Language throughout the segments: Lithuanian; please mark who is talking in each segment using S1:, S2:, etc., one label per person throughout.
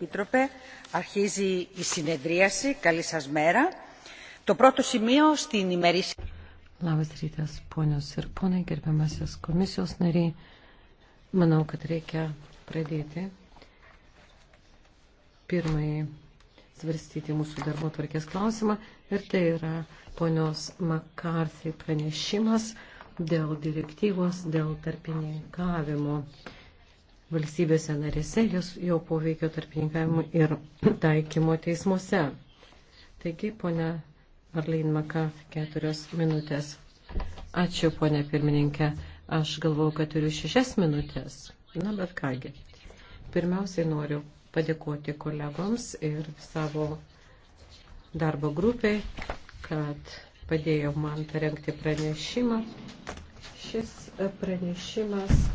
S1: Επίτροπε, αρχίζει η συνεδρίαση. Καλή σας μέρα. Το πρώτο
S2: σημείο στην ημερήσια... Labas rytas, ponios ir ponai, gerbiamasis komisijos nariai. Manau, kad reikia pradėti pirmąjį svarstyti mūsų darbo tvarkės klausimą ir tai yra ponios McCarthy pranešimas dėl direktyvos, dėl tarpininkavimo valstybėse narėse, jos jo poveikio tarpininkavimu ir taikymo teismuose. Taigi, ponia Arlein Maka, keturios minutės. Ačiū, ponia pirmininkė. Aš galvau, kad turiu šešias minutės. Na, bet kągi. Pirmiausiai noriu padėkoti kolegoms ir savo darbo grupiai, kad padėjo man parengti pranešimą. Šis pranešimas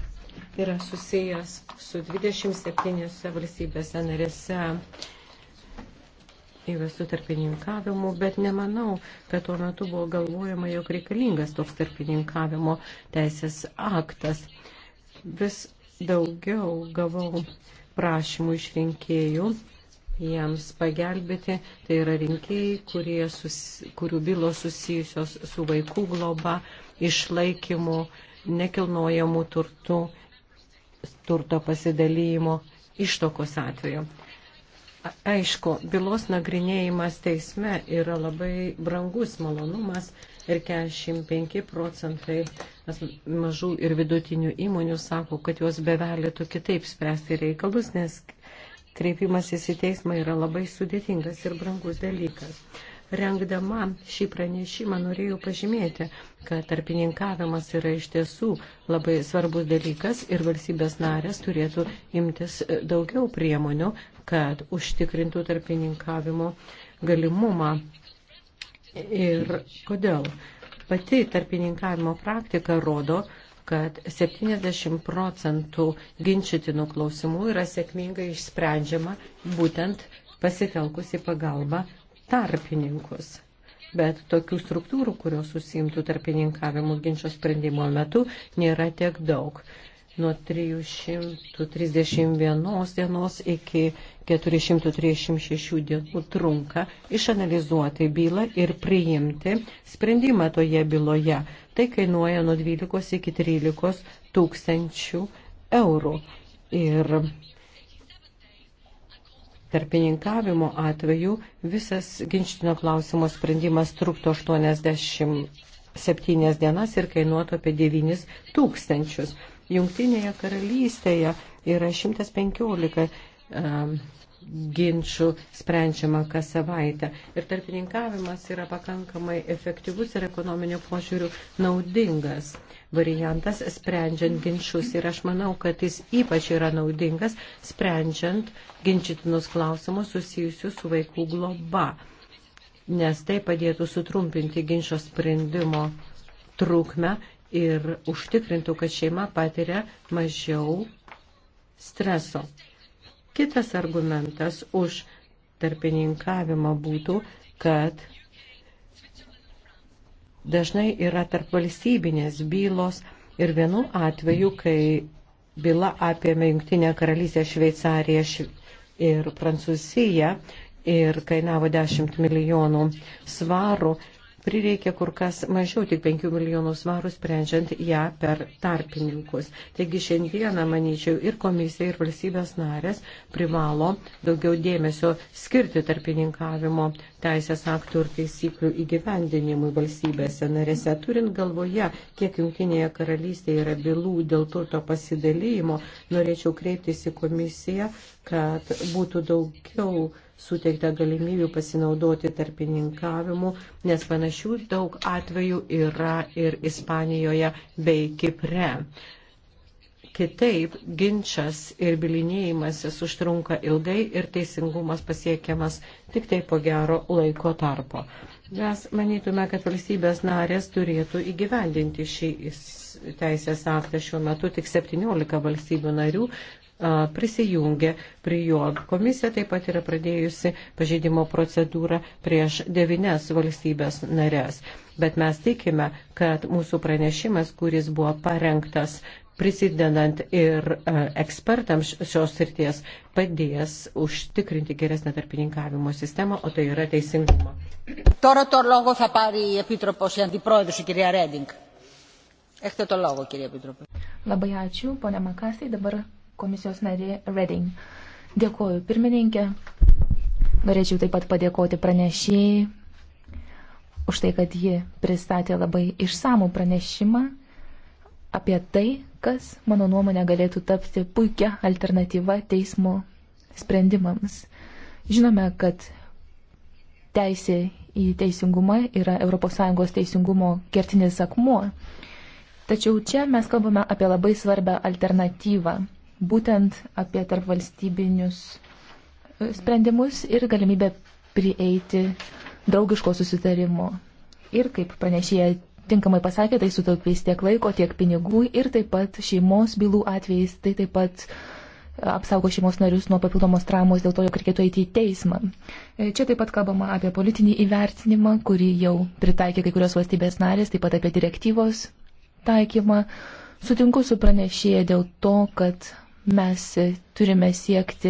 S2: yra susijęs su 27 valstybėse narėse įvestų tarpininkavimų, bet nemanau, kad tuo metu buvo galvojama, jog reikalingas toks tarpininkavimo teisės aktas. Vis daugiau gavau prašymų iš rinkėjų jiems pagelbėti. Tai yra rinkėjai, sus, kurių bylos susijusios su vaikų globa, išlaikymu, nekilnojamu turtu turto pasidalymo ištokos atveju. Aišku, bylos nagrinėjimas teisme yra labai brangus malonumas ir 45 procentai mažų ir vidutinių įmonių sako, kad jos bevelėtų kitaip spręsti reikalus, nes kreipimasis į teismą yra labai sudėtingas ir brangus dalykas. Rengdama šį pranešimą norėjau pažymėti, kad tarpininkavimas yra iš tiesų labai svarbus dalykas ir valstybės narės turėtų imtis e, daugiau priemonių, kad užtikrintų tarpininkavimo galimumą. Ir kodėl? Pati tarpininkavimo praktika rodo, kad 70 procentų ginčytinų klausimų yra sėkmingai išsprendžiama būtent pasitelkusi pagalbą tarpininkus. Bet tokių struktūrų, kurios susimtų tarpininkavimo ginčio sprendimo metu, nėra tiek daug. Nuo 331 dienos iki 436 dienų trunka išanalizuoti bylą ir priimti sprendimą toje byloje. Tai kainuoja nuo 12 iki 13 tūkstančių eurų. Ir tarpininkavimo atveju visas ginčitino klausimo sprendimas truktų 87 dienas ir kainuotų apie 9 tūkstančius. Jungtinėje karalystėje yra 115 um, ginčių sprendžiama kas savaitę. Ir tarpininkavimas yra pakankamai efektyvus ir ekonominio požiūrių naudingas variantas sprendžiant ginčius. Ir aš manau, kad jis ypač yra naudingas sprendžiant ginčytinus klausimus susijusius su vaikų globa, nes tai padėtų sutrumpinti ginčio sprendimo trukmę ir užtikrintų, kad šeima patiria mažiau streso. Kitas argumentas už tarpininkavimą būtų, kad dažnai yra tarp valstybinės bylos ir vienu atveju, kai byla apėmė Junktinę karalystę, Šveicariją ir Prancūziją ir kainavo 10 milijonų svarų, prireikė kur kas mažiau, tik 5 milijonų svarų, sprendžiant ją per tarpininkus. Taigi šiandieną, manyčiau, ir komisija, ir valstybės narės privalo daugiau dėmesio skirti tarpininkavimo teisės aktų ir taisyklių įgyvendinimui valstybėse narėse. Turint galvoje, kiek Junktinėje karalystėje yra bylų dėl turto pasidalymo, norėčiau kreiptis į komisiją, kad būtų daugiau suteikta galimybių pasinaudoti tarpininkavimu, nes panašių daug atvejų yra ir Ispanijoje bei Kipre. Kitaip ginčas ir bilinėjimasis užtrunka ilgai ir teisingumas pasiekiamas tik tai po gero laiko tarpo. Mes manytume, kad valstybės narės turėtų įgyvendinti šį teisės aktą. Šiuo metu tik 17 valstybių narių prisijungė prie jo. Komisija taip pat yra pradėjusi pažeidimo procedūrą prieš devines valstybės narės. Bet mes tikime, kad mūsų pranešimas, kuris buvo parengtas prisidedant ir ekspertams šios srities, padės užtikrinti geresnę tarpininkavimo sistemą, o tai yra teisingumo.
S1: Τώρα το λόγο θα πάρει η Επίτροπος, η Αντιπρόεδρος, η κυρία Ρέντινγκ. Έχετε το λόγο, κυρία Επίτροπε.
S3: Labai ačiū, ponia Makasai, dabar komisijos narė Reding. Dėkuoju pirmininkė. Norėčiau taip pat padėkoti pranešėjai už tai, kad ji pristatė labai išsamų pranešimą apie tai, kas, mano nuomonė, galėtų tapti puikia alternatyva teismo sprendimams. Žinome, kad teisė į teisingumą yra ES teisingumo kertinis akmuo. Tačiau čia mes kalbame apie labai svarbę alternatyvą būtent apie tarpvalstybinius e, sprendimus ir galimybę prieiti draugiško susitarimo. Ir kaip pranešėja tinkamai pasakė, tai sutaupys tiek laiko, tiek pinigų ir taip pat šeimos bylų atvejais, tai taip pat e, apsaugo šeimos narius nuo papildomos traumos, dėl to, jog reikėtų eiti į teismą. E, čia taip pat kalbama apie politinį įvertinimą, kurį jau pritaikė kai kurios valstybės narės, taip pat apie direktyvos taikymą. Sutinku su pranešėja dėl to, kad Mes turime siekti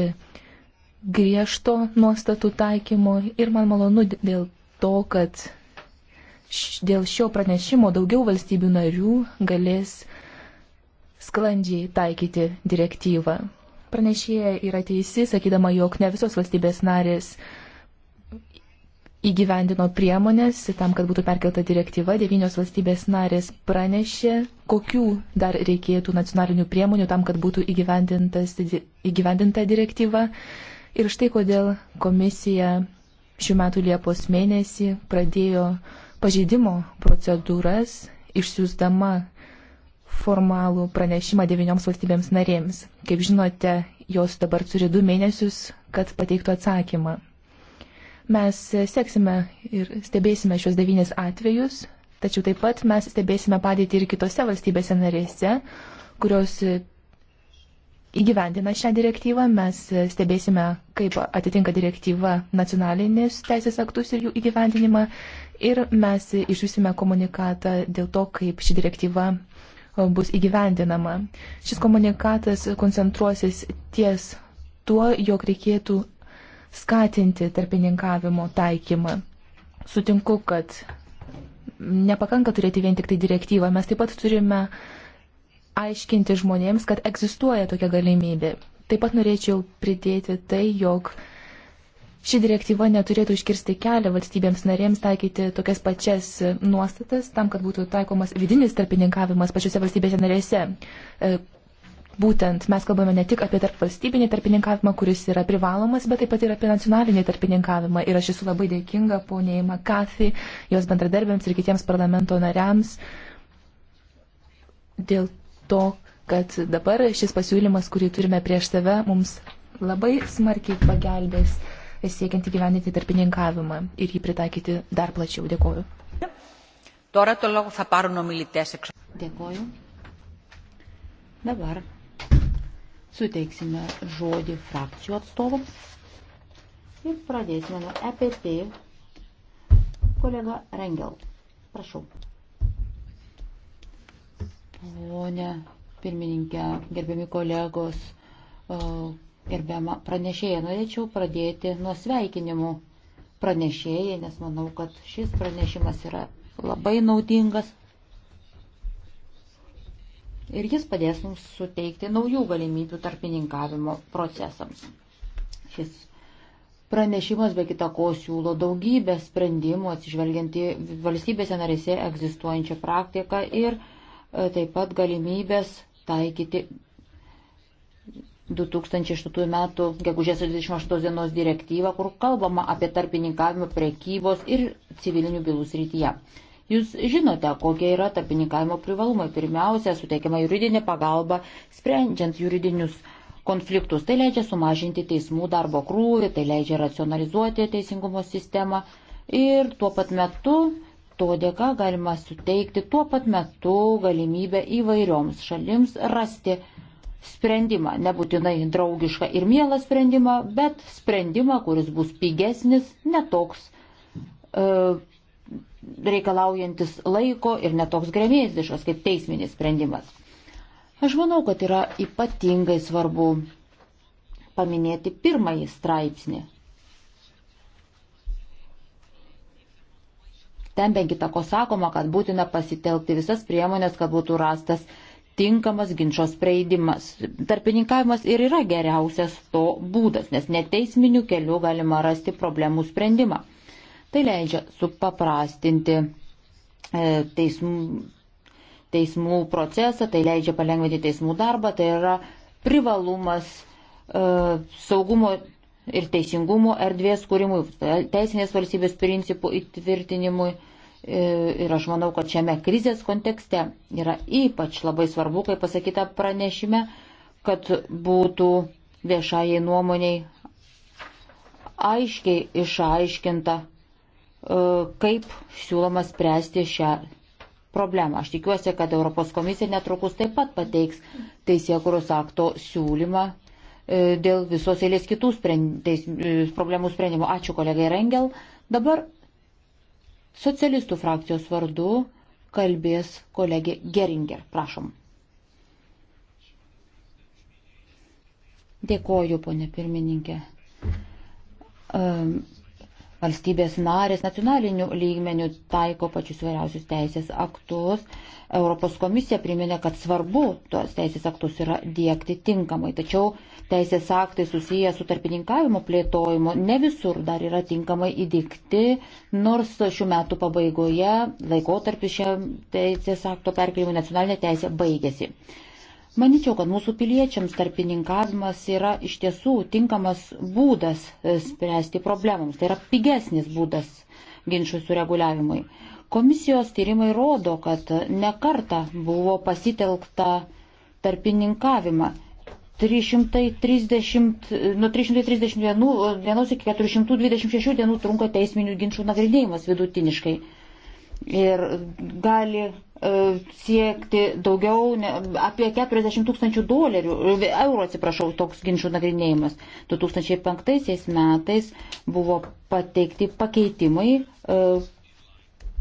S3: griežto nuostatų taikymo ir man malonu dėl to, kad dėl šio pranešimo daugiau valstybių narių galės sklandžiai taikyti direktyvą. Pranešėja yra teisi, sakydama, jog ne visos valstybės narės uh, įgyvendino priemonės tam, kad būtų perkelta direktyva. Devynios valstybės narės pranešė, kokių dar reikėtų nacionalinių priemonių tam, kad būtų įgyvendinta direktyva. Ir štai kodėl komisija šių metų Liepos mėnesį pradėjo pažeidimo procedūras, išsiųsdama formalų pranešimą devynioms valstybėms narėms. Kaip žinote, jos dabar turi du mėnesius, kad pateiktų atsakymą. Mes seksime ir stebėsime šios devynis atvejus, tačiau taip pat mes stebėsime padėtį ir kitose valstybėse narėse, kurios įgyvendina šią direktyvą. Mes stebėsime, kaip atitinka direktyva nacionalinius teisės aktus ir jų įgyvendinimą. Ir mes išsiusime komunikatą dėl to, kaip ši direktyva bus įgyvendinama. Šis komunikatas koncentruosis ties tuo, jog reikėtų skatinti tarpininkavimo taikymą. Sutinku, kad nepakanka turėti vien tik tai direktyvą, mes taip pat turime aiškinti žmonėms, kad egzistuoja tokia galimybė. Taip pat norėčiau pridėti tai, jog Ši direktyva neturėtų iškirsti kelią valstybėms narėms taikyti tokias pačias nuostatas tam, kad būtų taikomas vidinis tarpininkavimas pačiose valstybėse narėse. E, Būtent mes kalbame ne tik apie tarpvalstybinį tarpininkavimą, kuris yra privalomas, bet taip pat ir apie nacionalinį tarpininkavimą. Ir aš esu labai dėkinga poniai Makafi, jos bendradarbėms ir kitiems parlamento nariams dėl to, kad dabar šis pasiūlymas, kurį turime prieš save, mums labai smarkiai pagelbės siekiant įgyvendinti tarpininkavimą ir jį pritaikyti dar plačiau. Dėkoju.
S1: Dėkoju. Dabar suteiksime žodį frakcijų atstovams ir pradėsime nuo EPP. Kolega Rengel, prašau. Pone pirmininkė, gerbiami kolegos, gerbiama pranešėja, norėčiau pradėti nuo sveikinimų pranešėjai, nes manau, kad šis pranešimas yra labai naudingas, ir jis padės mums suteikti naujų galimybių tarpininkavimo procesams. Šis pranešimas be kita ko siūlo daugybę sprendimų atsižvelgiant į valstybėse narėse egzistuojančią praktiką ir e, taip pat galimybės taikyti 2008 metų gegužės 28 dienos direktyvą, kur kalbama apie tarpininkavimą prekybos ir civilinių bylų srityje. Jūs žinote, kokie yra tarpininkavimo privalumai. Pirmiausia, suteikiama juridinė pagalba, sprendžiant juridinius konfliktus. Tai leidžia sumažinti teismų darbo krūvį, tai leidžia racionalizuoti teisingumo sistemą ir tuo pat metu to dėka galima suteikti tuo pat metu galimybę įvairioms šalims rasti sprendimą, nebūtinai draugišką ir mielą sprendimą, bet sprendimą, kuris bus pigesnis, netoks e, reikalaujantis laiko ir netoks grėmėziškas kaip teisminis sprendimas. Aš manau, kad yra ypatingai svarbu paminėti pirmąjį straipsnį. Ten be kitako sakoma, kad būtina pasitelkti visas priemonės, kad būtų rastas tinkamas ginčio sprendimas. Tarpininkavimas ir yra geriausias to būdas, nes neteisminių kelių galima rasti problemų sprendimą. Tai leidžia supaprastinti e, teismų, teismų procesą, tai leidžia palengvinti teismų darbą, tai yra privalumas e, saugumo ir teisingumo erdvės kūrimui, teisinės valstybės principų įtvirtinimui. E, ir aš manau, kad šiame krizės kontekste yra ypač labai svarbu, kaip pasakyta pranešime, kad būtų viešajai nuomoniai aiškiai išaiškinta, E, kaip siūloma spręsti šią problemą. Aš tikiuosi, kad Europos komisija netrukus taip pat pateiks teisėkuros akto siūlymą e, dėl visos eilės kitų sprendės, e, problemų sprendimų. Ačiū kolegai Rengel. Dabar socialistų frakcijos vardu kalbės kolegė Geringer. Prašom. Dėkoju, ponė pirmininkė. Um, Valstybės narės nacionaliniu lygmeniu taiko pačius vairiausius teisės aktus. Europos komisija priminė, kad svarbu tuos teisės aktus yra dėkti tinkamai, tačiau teisės aktai susiję su tarpininkavimo plėtojimu ne visur dar yra tinkamai įdikti, nors šių metų pabaigoje laikotarpis šiam teisės akto perkelimui nacionalinė teisė baigėsi. Maničiau, kad mūsų piliečiams tarpininkavimas yra iš tiesų tinkamas būdas e, spręsti problemams. Tai yra pigesnis būdas ginčių sureguliavimui. Komisijos tyrimai rodo, kad nekarta buvo pasitelkta tarpininkavimą. 330, nuo 330 dienų, dienos iki 426 dienų trunka teisminių ginčių nagrinėjimas vidutiniškai. Ir gali E, siekti daugiau ne, apie 40 tūkstančių dolerių, e, eurų atsiprašau, toks ginčių nagrinėjimas. 2005 metais buvo pateikti pakeitimai e,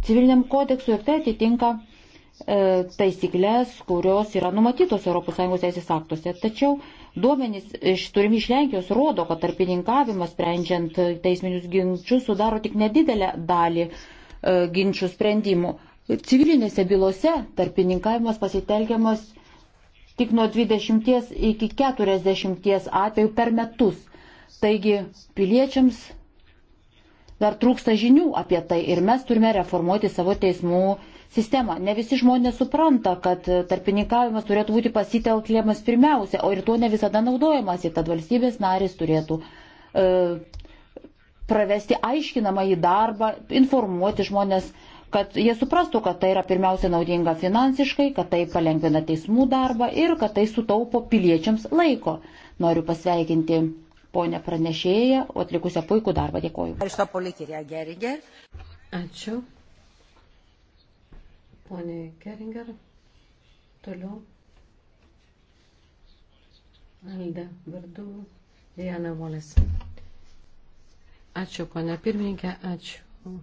S1: civiliniam kodeksui ir tai atitinka e, taisyklės, kurios yra numatytos ES teisės aktuose. Tačiau duomenys iš turimi iš Lenkijos rodo, kad tarpininkavimas sprendžiant teisminius ginčius sudaro tik nedidelę dalį e, ginčių sprendimų. E, Civilinėse bylose tarpininkavimas pasitelkiamas tik nuo 20 iki 40 atvejų per metus. Taigi piliečiams dar trūksta žinių apie tai ir mes turime reformuoti savo teismų sistemą. Ne visi žmonės supranta, kad tarpininkavimas turėtų būti pasitelkiamas pirmiausia, o ir tuo ne visada naudojamasi, tad valstybės narys turėtų e, pravesti aiškinamą į darbą, informuoti žmonės, kad jie suprastų, kad tai yra pirmiausia naudinga finansiškai, kad tai palengvina teismų darbą ir kad tai sutaupo piliečiams laiko. Noriu pasveikinti ponę pranešėją, atlikusią puikų darbą. Dėkoju.
S2: Ačiū. Pone Keringer, toliau. Alda vardu Diana Volis. Ačiū, ponia pirmininkė, ačiū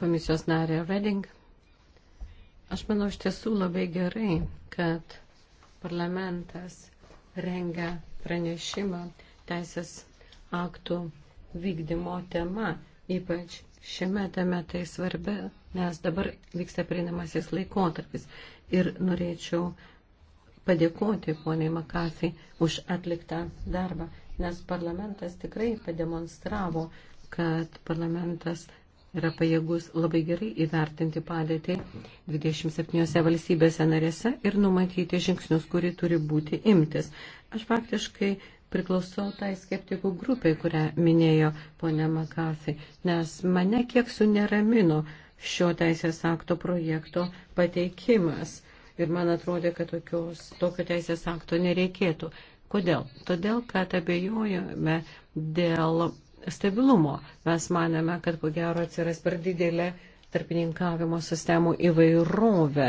S2: komisijos narė Reding. Aš manau, iš tiesų labai gerai, kad parlamentas rengia pranešimą teisės aktų vykdymo tema, ypač šiame tame tai svarbi, nes dabar vyksta prieinamasis laikotarpis. Ir norėčiau padėkoti poniai Makafį už atliktą darbą, nes parlamentas tikrai pademonstravo, kad parlamentas yra pajėgus labai gerai įvertinti padėtį 27 valstybėse narėse ir numatyti žingsnius, kuri turi būti imtis. Aš faktiškai priklausau tai skeptikų grupiai, kurią minėjo ponia Makafi, nes mane kiek suneramino šio teisės akto projekto pateikimas. Ir man atrodė, kad tokios, tokio teisės akto nereikėtų. Kodėl? Todėl, kad abejojame dėl stabilumo. Mes manėme, kad po gero atsiras per didelė tarpininkavimo sistemų įvairovė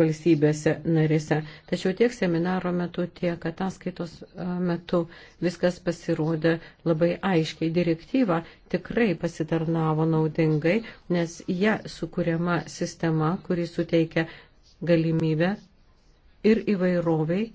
S2: valstybėse narėse. Tačiau tiek seminaro metu, tiek ataskaitos e, metu viskas pasirodė labai aiškiai. Direktyva tikrai pasitarnavo naudingai, nes jie sukūriama sistema, kuri suteikia galimybę ir įvairoviai,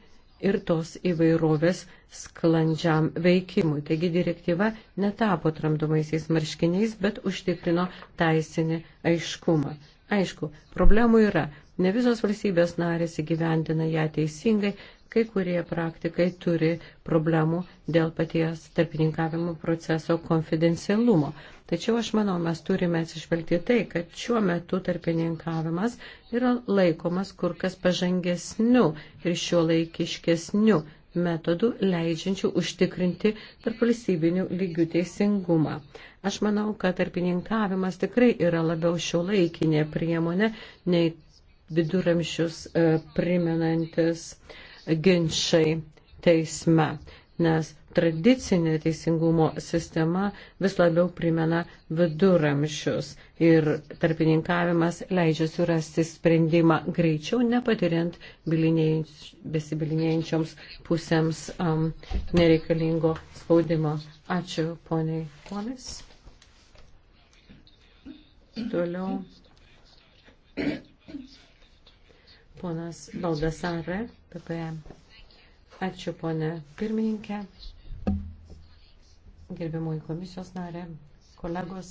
S2: ir tos įvairovės sklandžiam veikimui. Taigi direktyva netapo tramdomaisiais marškiniais, bet užtikrino teisinį aiškumą. Aišku, problemų yra. Ne visos valstybės narės įgyvendina ją teisingai, kai kurie praktikai turi problemų dėl paties tarpininkavimo proceso konfidencialumo. Tačiau aš manau, mes turime atsižvelgti tai, kad šiuo metu tarpininkavimas yra laikomas kur kas pažangesniu ir šio laikiškesniu metodų leidžiančių užtikrinti tarp valstybinių lygių teisingumą. Aš manau, kad tarpininkavimas tikrai yra labiau šio laikinė priemonė nei viduramžius e, primenantis uh, ginčiai teisme, nes tradicinė teisingumo sistema vis labiau primena viduramžius ir tarpininkavimas leidžia surasti sprendimą greičiau, nepatiriant besibilinėjančioms pusėms um, nereikalingo spaudimo. Ačiū, poniai Ponis. Toliau. Ponas Baldasarė. PPE. Ačiū, ponė pirmininkė, gerbiamoji komisijos narė, kolegos.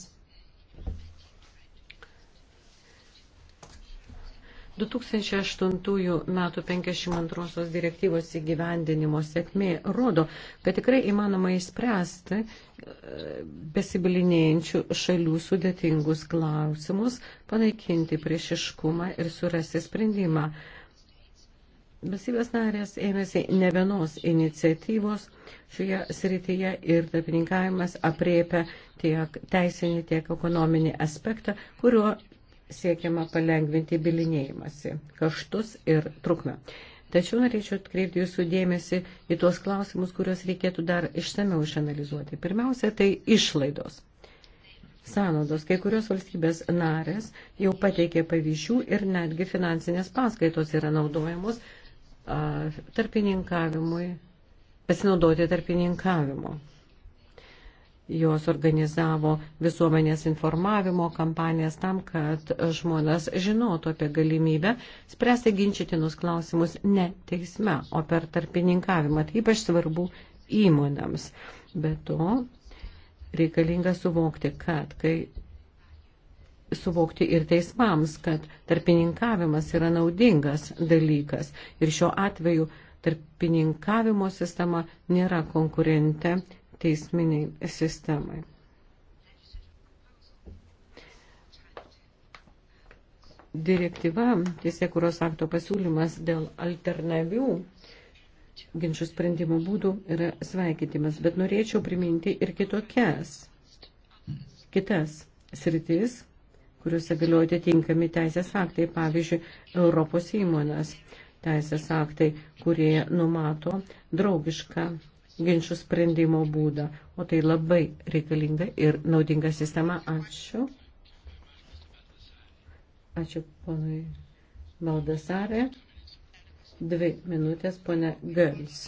S2: 2008 m. 52 direktyvos įgyvendinimo sėkmė rodo, kad tikrai įmanoma įspręsti e, besibilinėjančių šalių sudėtingus klausimus, panaikinti priešiškumą ir surasti sprendimą. Valstybės narės ėmėsi ne vienos iniciatyvos šioje srityje ir tarpininkavimas apriepia tiek teisinį, tiek ekonominį aspektą, kuriuo siekiama palengvinti bilinėjimąsi, kaštus ir trukmę. Tačiau norėčiau atkreipti jūsų dėmesį į tuos klausimus, kuriuos reikėtų dar išsameu išanalizuoti. Pirmiausia, tai išlaidos. Sąnaudos. Kai kurios valstybės narės jau pateikė pavyzdžių ir netgi finansinės paskaitos yra naudojamos tarpininkavimui, pasinaudoti tarpininkavimu. Jos organizavo visuomenės informavimo kampanijas tam, kad žmonės žinotų apie galimybę spręsti ginčytinus klausimus ne teisme, o per tarpininkavimą. Tai ypač svarbu įmonėms. Be to, reikalinga suvokti, kad kai suvokti ir teismams, kad tarpininkavimas yra naudingas dalykas. Ir šiuo atveju tarpininkavimo sistema nėra konkurente teisminiai sistemai. Direktyva, teisėkuros akto pasiūlymas dėl alternatyvių ginčių sprendimo būdų yra sveikintimas, bet norėčiau priminti ir kitokias, kitas sritis, kuriuose galioja atitinkami teisės aktai, pavyzdžiui, Europos įmonės teisės aktai, kurie numato draugišką ginčių sprendimo būdą. O tai labai reikalinga ir naudinga sistema. Ačiū. Ačiū ponui Maldasarė. Dvi minutės, ponė Gans.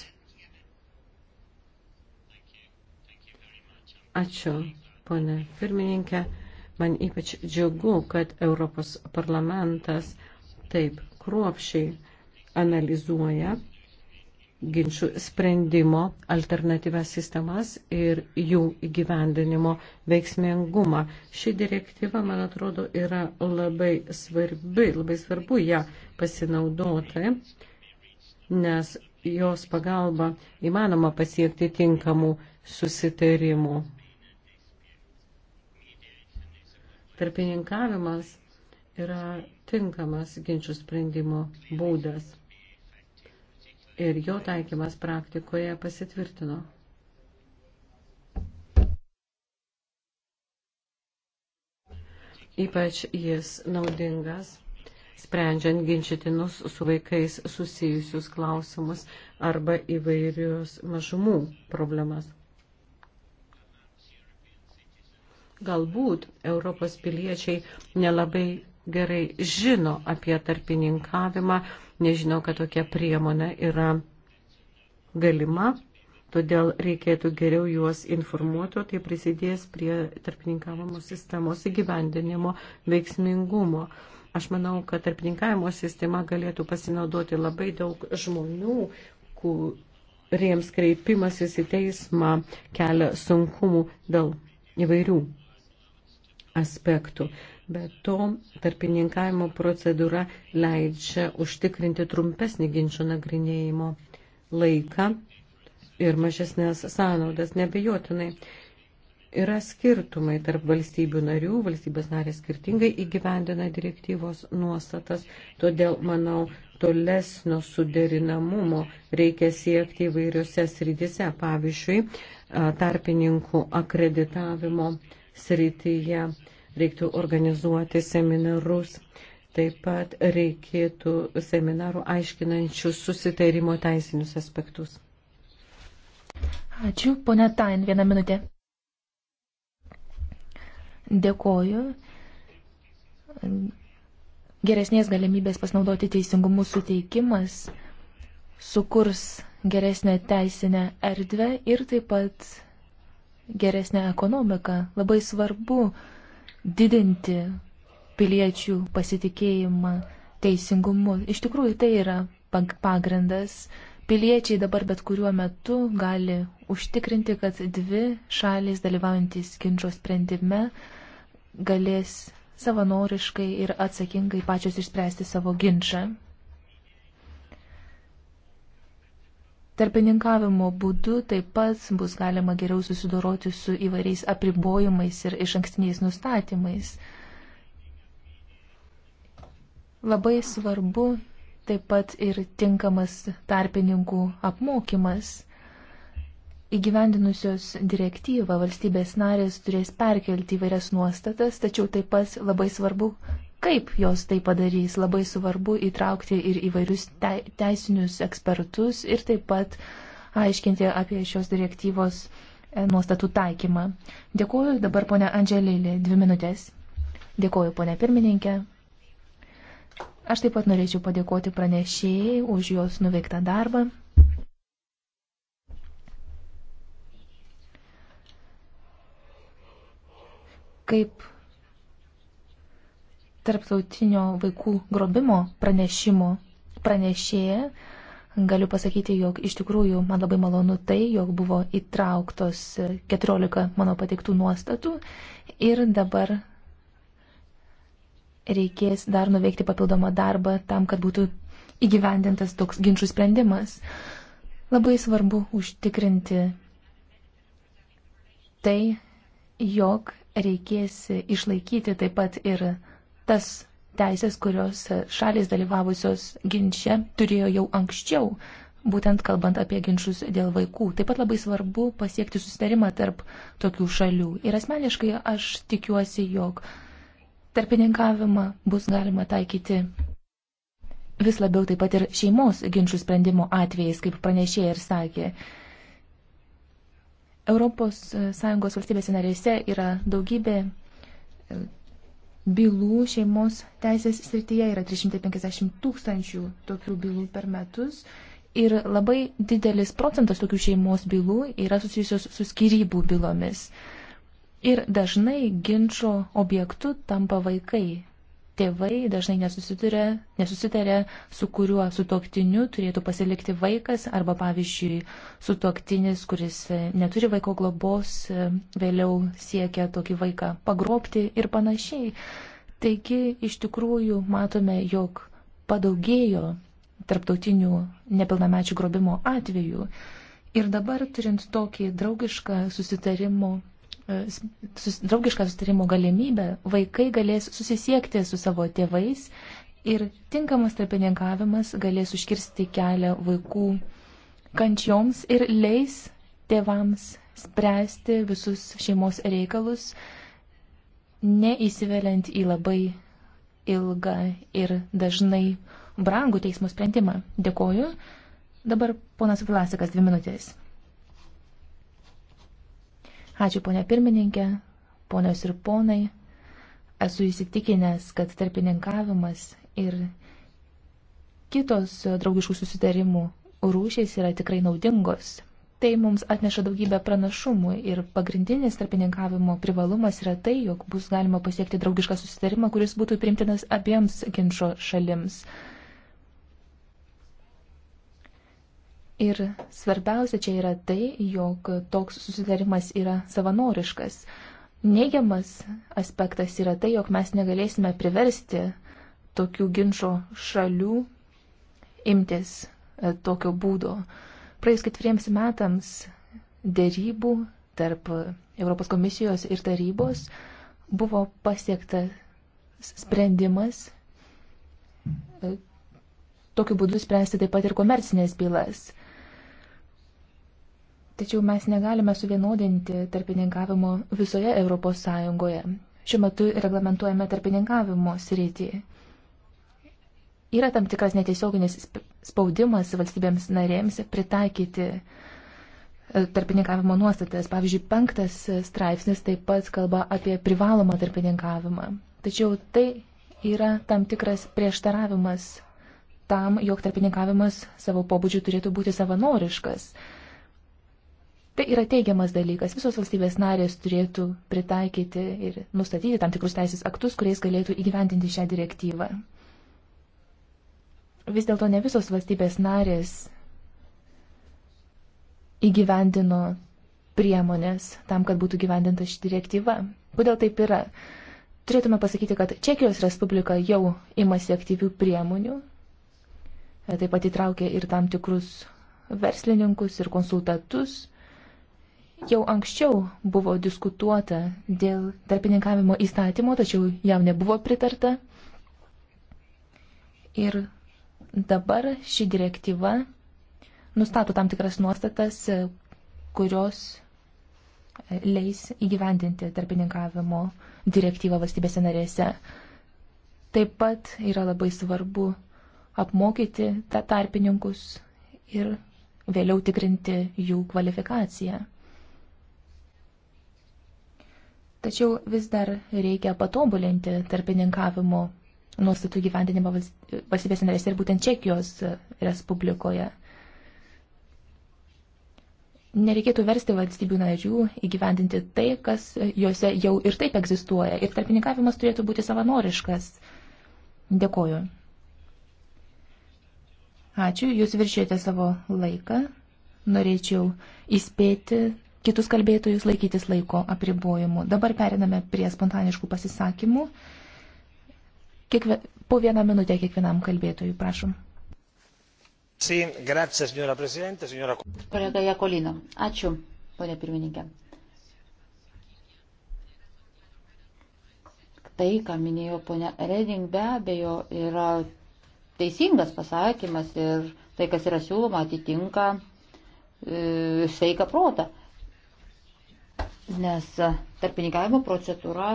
S2: Ačiū, ponė pirmininkė. Man ypač džiugu, kad Europos parlamentas taip kruopšiai analizuoja ginčių sprendimo alternatyvas sistemas ir jų įgyvendinimo veiksmingumą. Ši direktyva, man atrodo, yra labai svarbi, labai svarbu ją pasinaudoti, nes jos pagalba įmanoma pasiekti tinkamų susitarimų. tarpininkavimas yra tinkamas ginčių sprendimo būdas ir jo taikymas praktikoje pasitvirtino. Ypač jis naudingas, sprendžiant ginčytinus su vaikais susijusius klausimus arba įvairius mažumų problemas. Galbūt Europos piliečiai nelabai gerai žino apie tarpininkavimą, nežino, kad tokia priemonė yra galima, todėl reikėtų geriau juos informuoti, o tai prisidės prie tarpininkavimo sistemos įgyvendinimo veiksmingumo. Aš manau, kad tarpininkavimo sistema galėtų pasinaudoti labai daug žmonių, kuriems kreipimasis į teismą kelia sunkumų dėl įvairių aspektų. Be to, tarpininkavimo procedūra leidžia užtikrinti trumpesnį ginčio nagrinėjimo laiką ir mažesnės sąnaudas. Nebejotinai yra skirtumai tarp valstybių narių, valstybės narės skirtingai įgyvendina direktyvos nuostatas, todėl, manau, tolesnio suderinamumo reikia siekti įvairiose srityse, pavyzdžiui, tarpininkų akreditavimo srityje, reiktų organizuoti seminarus, taip pat reikėtų seminarų aiškinančius susitarimo teisinius aspektus.
S3: Ačiū, ponia Tain, vieną minutę. Dėkoju. Geresnės galimybės pasinaudoti teisingumu suteikimas sukurs geresnę teisinę erdvę ir taip pat geresnę ekonomiką. Labai svarbu didinti piliečių pasitikėjimą teisingumu. Iš tikrųjų, tai yra pagrindas. Piliečiai dabar bet kuriuo metu gali užtikrinti, kad dvi šalis dalyvaujantis ginčio sprendime galės savanoriškai ir atsakingai pačios išspręsti savo ginčą. Tarpininkavimo būdu taip pat bus galima geriau susidoroti su įvairiais apribojimais ir iš ankstiniais nustatymais. Labai svarbu taip pat ir tinkamas tarpininkų apmokymas. Įgyvendinusios direktyvą valstybės narės turės perkelti įvairias nuostatas, tačiau taip pat labai svarbu kaip jos tai padarys. Labai svarbu įtraukti ir įvairius teisinius ekspertus ir taip pat aiškinti apie šios direktyvos e, nuostatų taikymą. Dėkuoju dabar ponia Andželėlė, dvi minutės. Dėkuoju ponia pirmininkė. Aš taip pat norėčiau padėkoti pranešėjai už jos nuveiktą darbą. Kaip tarptautinio vaikų grobimo pranešimo pranešėja, galiu pasakyti, jog iš tikrųjų man labai malonu tai, jog buvo įtrauktos 14 mano pateiktų nuostatų ir dabar reikės dar nuveikti papildomą darbą tam, kad būtų įgyvendintas toks ginčių sprendimas. Labai svarbu užtikrinti tai, jog reikės išlaikyti taip pat ir tas teisės, kurios šalis dalyvavusios ginče turėjo jau anksčiau, būtent kalbant apie ginčius dėl vaikų. Taip pat labai svarbu pasiekti susitarimą tarp tokių šalių. Ir asmeniškai aš tikiuosi, jog tarpininkavimą bus galima taikyti vis labiau taip pat ir šeimos ginčių sprendimo atvejais, kaip pranešėjai ir sakė. ES valstybėse narėse yra daugybė bylų šeimos teisės srityje yra 350 tūkstančių tokių bylų per metus. Ir labai didelis procentas tokių šeimos bylų yra susijusios su skirybų bylomis. Ir dažnai ginčio objektu tampa vaikai tėvai dažnai nesusitarė, su kuriuo sutoktiniu turėtų pasilikti vaikas arba, pavyzdžiui, sutoktinis, kuris e, neturi vaiko globos, e, vėliau siekia tokį vaiką pagrobti ir panašiai. Taigi, iš tikrųjų, matome, jog padaugėjo tarptautinių nepilnamečių grobimo atvejų. Ir dabar, turint tokį draugišką susitarimo draugišką sustarimo galimybę, vaikai galės susisiekti su savo tėvais ir tinkamas tarpininkavimas galės užkirsti kelią vaikų kančioms ir leis tėvams spręsti visus šeimos reikalus, neįsiveliant į labai ilgą ir dažnai brangų teismo sprendimą. Dėkoju. Dabar ponas Vilasikas dvi minutės. Ačiū, ponė pirmininkė, ponios ir ponai. Esu įsitikinęs, kad tarpininkavimas ir kitos draugiškų susitarimų rūšys yra tikrai naudingos. Tai mums atneša daugybę pranašumų ir pagrindinis tarpininkavimo privalumas yra tai, jog bus galima pasiekti draugišką susitarimą, kuris būtų primtinas abiems ginčio šalims. Ir svarbiausia čia yra tai, jog toks susitarimas yra savanoriškas. Neigiamas aspektas yra tai, jog mes negalėsime priversti tokių ginčio šalių imtis e, tokio būdo. Praėjus ketveriems metams dėrybų tarp Europos komisijos ir tarybos buvo pasiektas sprendimas e, tokiu būdu spręsti taip pat ir komercinės bylas. Tačiau mes negalime suvienodinti tarpininkavimo visoje ES. Šiuo metu reglamentuojame tarpininkavimo sritį. Yra tam tikras netiesioginis spaudimas valstybėms narėms pritaikyti e, tarpininkavimo nuostatas. Pavyzdžiui, penktas straipsnis taip pat kalba apie privalomą tarpininkavimą. Tačiau tai yra tam tikras prieštaravimas tam, jog tarpininkavimas savo pobūdžiu turėtų būti savanoriškas. Tai yra teigiamas dalykas. Visos valstybės narės turėtų pritaikyti ir nustatyti tam tikrus teisės aktus, kuriais galėtų įgyvendinti šią direktyvą. Vis dėlto ne visos valstybės narės įgyvendino priemonės tam, kad būtų gyvendinta ši direktyva. Kodėl taip yra? Turėtume pasakyti, kad Čekijos Respublika jau imasi aktyvių priemonių, taip pat įtraukia ir tam tikrus verslininkus ir konsultatus Jau anksčiau buvo diskutuota dėl tarpininkavimo įstatymo, tačiau jam nebuvo pritarta. Ir dabar ši direktyva nustato tam tikras nuostatas, kurios leis įgyvendinti tarpininkavimo direktyvą valstybėse narėse. Taip pat yra labai svarbu apmokyti tarpininkus ir vėliau tikrinti jų kvalifikaciją. Tačiau vis dar reikia patobulinti tarpininkavimo nuostatų gyvendinimą valstybės narėse ir būtent Čekijos Respublikoje. Nereikėtų versti valstybių narių įgyvendinti tai, kas juose jau ir taip egzistuoja. Ir tarpininkavimas turėtų būti savanoriškas. Dėkoju. Ačiū, jūs viršėjote savo laiką. Norėčiau įspėti kitus kalbėtojus laikytis laiko apribojimų. Dabar periname prie spontaniškų pasisakymų. Kiekvie... Po vieną minutę kiekvienam kalbėtojui, prašom. Sí, gracias, señora presidente, señora... Kolega
S1: Jakolino, ačiū, ponė pirmininkė. Tai, ką minėjo ponė Reding, be abejo, yra teisingas pasakymas ir tai, kas yra siūloma, atitinka e, sveiką protą nes tarpininkavimo procedūra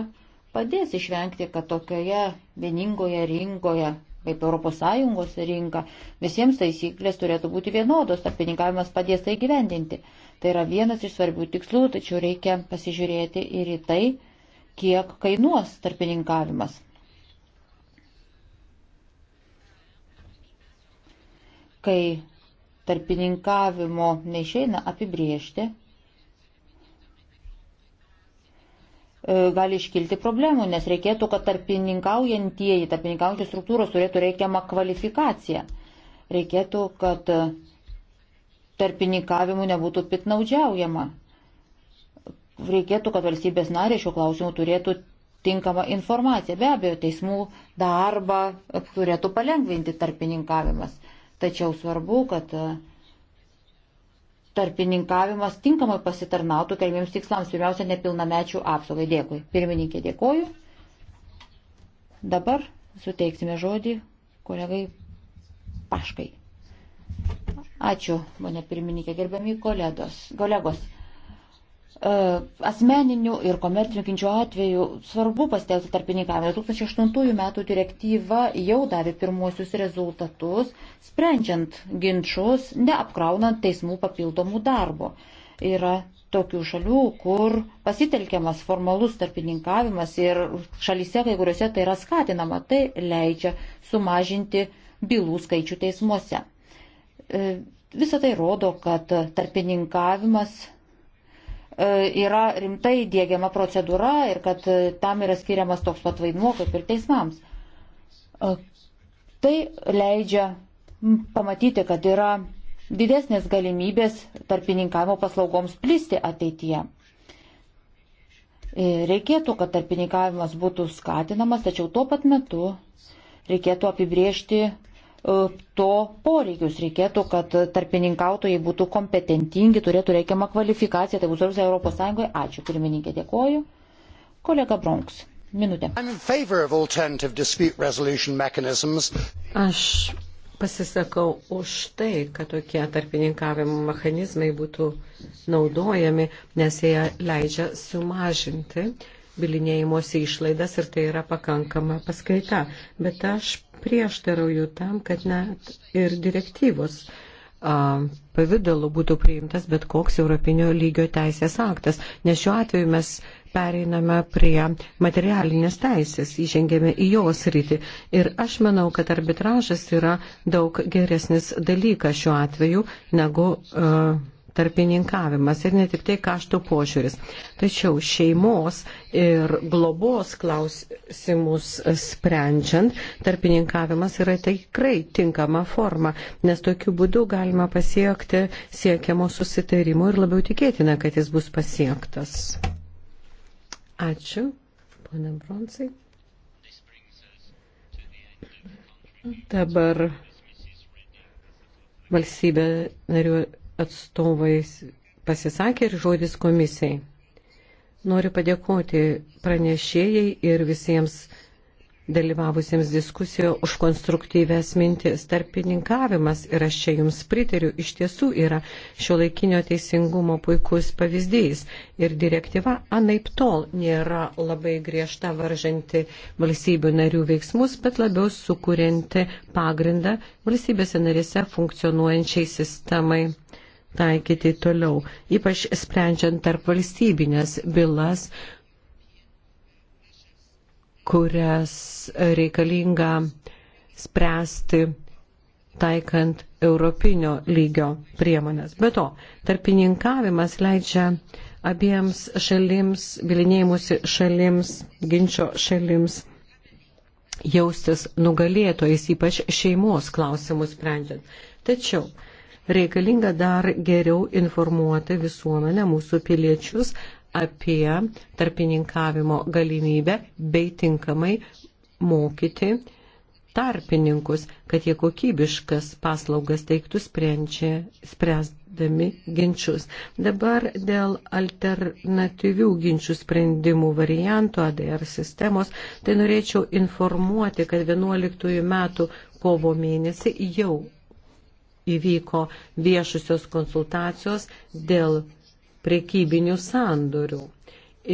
S1: padės išvengti, kad tokioje vieningoje rinkoje, kaip ES rinka, visiems taisyklės turėtų būti vienodos, tarpininkavimas padės tai gyvendinti. Tai yra vienas iš svarbių tikslų, tačiau reikia pasižiūrėti ir į tai, kiek kainuos tarpininkavimas. Kai tarpininkavimo neišeina apibriežti, E, gali iškilti problemų, nes reikėtų, kad tarpininkaujantieji, tarpininkaujančios struktūros turėtų reikiamą kvalifikaciją. Reikėtų, kad tarpininkavimu nebūtų pitnaudžiaujama. Reikėtų, kad valstybės narė šiuo klausimu turėtų tinkamą informaciją. Be abejo, teismų darbą turėtų palengvinti tarpininkavimas. Tačiau svarbu, kad uh, tarpininkavimas tinkamai pasitarnautų kelmiems tikslams, pirmiausia, nepilnamečių apsaugai. Dėkui. Pirmininkė, dėkoju. Dabar suteiksime žodį kolegai Paškai. Ačiū, mane pirmininkė, gerbiami kolegos. kolegos. E, asmeninių ir komercinių ginčių atveju svarbu pasitelkti tarpininkavimą. 2008 metų direktyva jau davė pirmuosius rezultatus, sprendžiant ginčius, neapkraunant teismų papildomų darbo. Yra tokių šalių, kur pasitelkiamas formalus tarpininkavimas ir šalyse, kai kuriuose tai yra skatinama, tai leidžia sumažinti bylų skaičių teismuose. E, Visą tai rodo, kad tarpininkavimas E, yra rimtai dėgiama procedūra ir kad e, tam yra skiriamas toks pat vaidmuo kaip ir teismams. E, tai leidžia pamatyti, kad yra didesnės galimybės tarpininkavimo paslaugoms plisti ateityje. Reikėtų, kad tarpininkavimas būtų skatinamas, tačiau tuo pat metu reikėtų apibriežti E, to poreikius. Reikėtų, kad tarpininkautojai būtų kompetentingi, turėtų reikiamą kvalifikaciją. Tai bus svarbiausia Europos Sąjungoje. Ačiū, pirmininkė, dėkoju. Kolega Bronks. Minutė.
S2: Aš pasisakau už tai, kad tokie tarpininkavimo mechanizmai būtų naudojami, nes jie leidžia sumažinti bilinėjimuose išlaidas ir tai yra pakankama paskaita. Bet aš prieštarauju tam, kad net ir direktyvos pavydalu būtų priimtas bet koks Europinio lygio teisės aktas, nes šiuo atveju mes pereiname prie materialinės teisės, įžengėme į jos rytį. Ir aš manau, kad arbitražas yra daug geresnis dalykas šiuo atveju negu uh, tarpininkavimas ir ne tik tai kaštų požiūris. Tačiau šeimos ir globos klausimus sprendžiant, tarpininkavimas yra tikrai tinkama forma, nes tokiu būdu galima pasiekti siekiamo susitarimo ir labiau tikėtina, kad jis bus pasiektas. Ačiū, ponė Bronsai. Dabar valstybė narių atstovais pasisakė ir žodis komisijai. Noriu padėkoti pranešėjai ir visiems dalyvavusiems diskusijoje už konstruktyves mintis. Tarpininkavimas, ir aš čia jums pritariu, iš tiesų yra šio laikinio teisingumo puikus pavyzdys. Ir direktyva anaip tol nėra labai griežta varžanti valstybių narių veiksmus, bet labiau sukurianti pagrindą valstybėse narėse funkcionuojančiai sistemai taikyti toliau, ypač sprendžiant tarp valstybinės bylas, kurias reikalinga spręsti taikant europinio lygio priemonės. Be to, tarpininkavimas leidžia abiems šalims, bilinėjimusi šalims, ginčio šalims jaustis nugalėtojais, ypač šeimos klausimus sprendžiant. Tačiau reikalinga dar geriau informuoti visuomenę, mūsų piliečius apie tarpininkavimo galimybę bei tinkamai mokyti tarpininkus, kad jie kokybiškas paslaugas teiktų sprendžia, spręsdami ginčius. Dabar dėl alternatyvių ginčių sprendimų variantų ADR sistemos, tai norėčiau informuoti, kad 11 metų kovo mėnesį jau įvyko viešusios konsultacijos dėl prekybinių sandorių.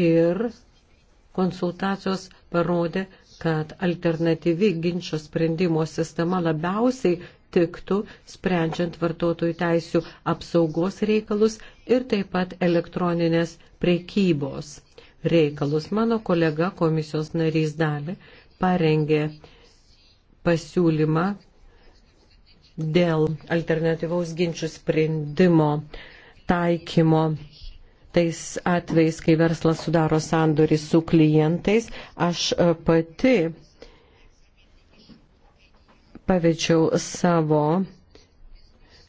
S2: Ir konsultacijos parodė, kad alternatyvi ginčio sprendimo sistema labiausiai tiktų sprendžiant vartotojų teisių apsaugos reikalus ir taip pat elektroninės prekybos reikalus. Mano kolega komisijos narys Dali parengė pasiūlymą dėl alternatyvaus ginčių sprendimo taikymo tais atvejais, kai verslas sudaro sandorį su klientais. Aš e, pati pavečiau savo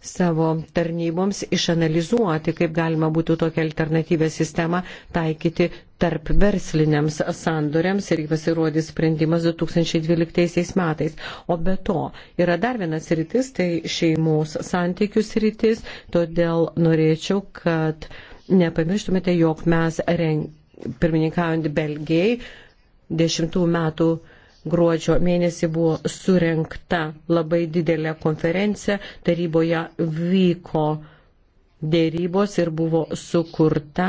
S2: savo tarnyboms išanalizuoti, kaip galima būtų tokią alternatyvę sistemą taikyti tarp versliniams sandoriams ir pasirodys sprendimas 2012 metais. O be to yra dar vienas rytis, tai šeimos santykius rytis, todėl norėčiau, kad nepamirštumėte, jog mes renk, pirmininkaujant Belgijai dešimtų metų Gruodžio mėnesį buvo surenkta labai didelė konferencija, taryboje vyko dėrybos ir buvo sukurta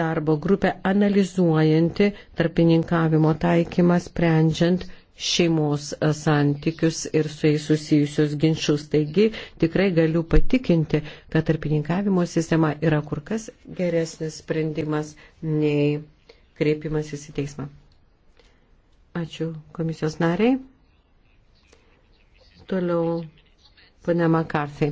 S2: darbo grupė analizuojanti tarpininkavimo taikymą sprendžiant šeimos santykius ir su jais susijusius ginčius. Taigi tikrai galiu patikinti, kad tarpininkavimo sistema yra kur kas geresnis sprendimas nei kreipimasis į teismą. Ačiū komisijos nariai. Toliau ponia Makartai.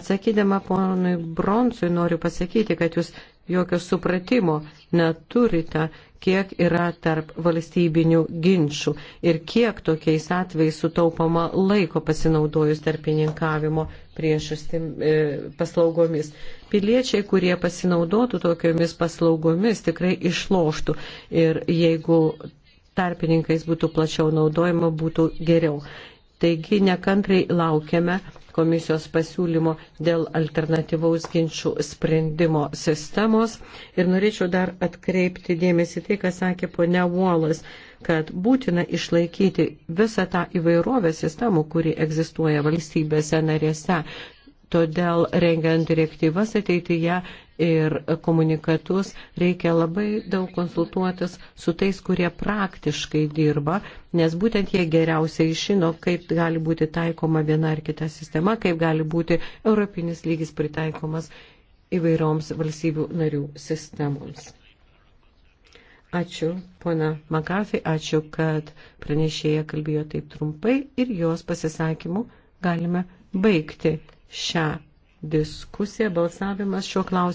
S2: Atsakydama ponui Bronsui noriu pasakyti, kad jūs jokio supratimo neturite, kiek yra tarp valstybinių ginčių ir kiek tokiais atvejais sutaupama laiko pasinaudojus tarpininkavimo priešastim e, paslaugomis. Piliečiai, kurie pasinaudotų tokiomis paslaugomis, tikrai išloštų. Ir jeigu tarpininkais būtų plačiau naudojama, būtų geriau. Taigi nekantrai laukiame komisijos pasiūlymo dėl alternatyvaus ginčių sprendimo sistemos. Ir norėčiau dar atkreipti dėmesį tai, ką sakė ponia Uolas, kad būtina išlaikyti visą tą įvairovę sistemų, kuri egzistuoja valstybėse narėse. Todėl rengiant direktyvas ateityje ir komunikatus reikia labai daug konsultuotis su tais, kurie praktiškai dirba, nes būtent jie geriausiai žino, kaip gali būti taikoma viena ar kita sistema, kaip gali būti europinis lygis pritaikomas įvairioms valstybių narių sistemoms. Ačiū, pona Makafi, ačiū, kad pranešėja kalbėjo taip trumpai ir jos pasisakymu galime baigti šią diskusiją, balsavimas šiuo klausimu.